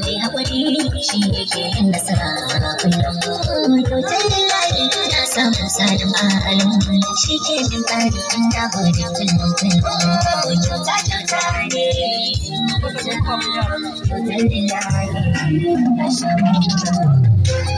mai haƙuri shi ne ke yin nasara a kullum kyautar lillahi na samu salim alim shi ke jin ƙari in da gode kullum kullum kyauta kyauta ne kyautar lillahi na samu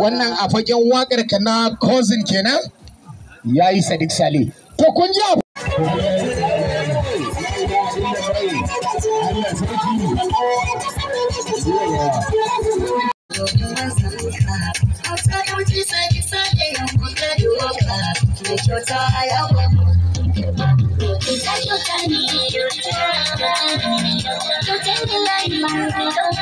Wannan a fagen wakar ka na cousin kenan? Ya yi Sadiq Sale. Ko kun ji abu. Thank you.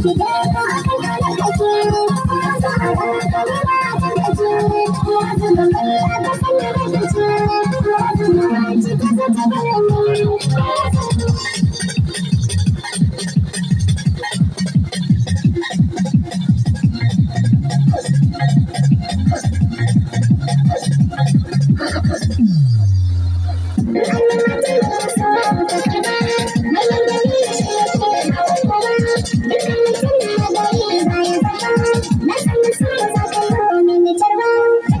Thank you.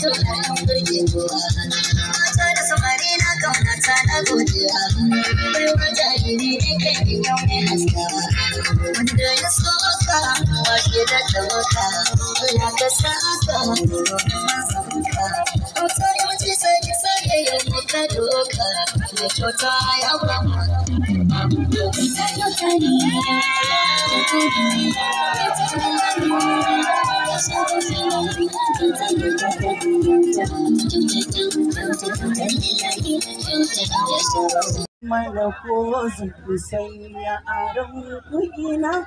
fito karin burgewa mata da samari na kaunata na godiya bai wa jahiri ne kai ne yau ne haskawa wanda ya so ka wa ke da tawaka ya ka saka ka ka ta yi mace sai ki sake yau ka doka Chota ya brahma, chota ko ya aron kuɗina